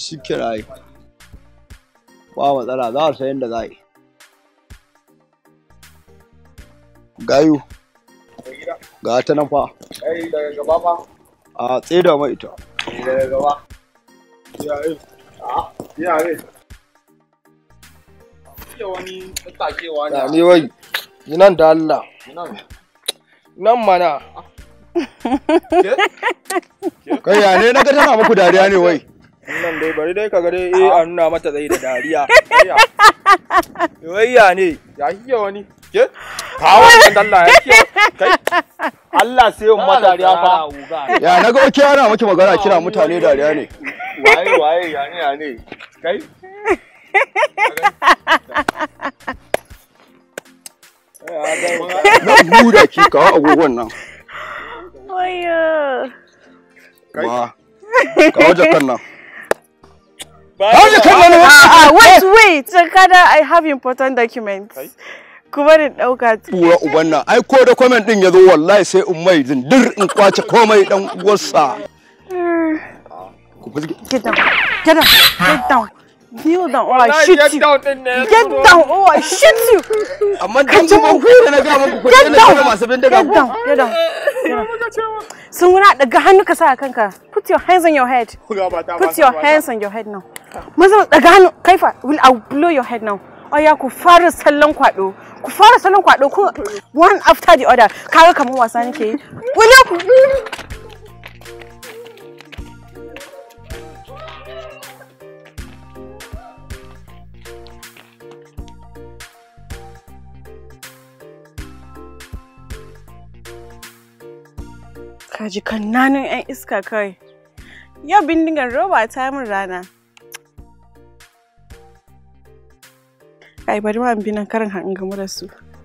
shi kirayi ba matsala za a sayan da za a yi gayu ga ta nan fa a tsaye da mai ita da ne wai nan da Allah nan mana Kai ya ne naga tana muku dariya ne wai. wannan dai bari dai kaga dai eh an nuna mata zai da dariya. Wai ya ne? Ya kike wani? Ke? Kawo wannan Allah ya kike. Kai Allah sai mun mata dariya fa. Ya naga oke ana miki magana kira mutane dariya ne. Waye waye ya ne ya ne? Kai? Na buda ki kawo agogon nan. Oyo. ma ah, ah, wait eh. wait kada i have important documents kuma da ɗauka tura uban nan ai ko din ya zo wallahi sai in mai zindir in kwace komai dan uwarsa hmm. ku get down get down get down Kneel down or I shoot you. Get down or I shoot you. Amma dan kuma ku da na Get down, get down. Sun wuna daga hannu ka sa kanka. Put your hands on your head. Put your hands on your head now. Maza daga hannu kaifa will I blow your head now. Oya ku fara sallan kwado. Ku fara sallan kwado one after the other. Kaga kamar wasa nake yi. Will you Kaji kannanun 'yan iska kawai. Yau bindigar roba ta min rana. Ai bari ma bi nan karin haɗin game da su.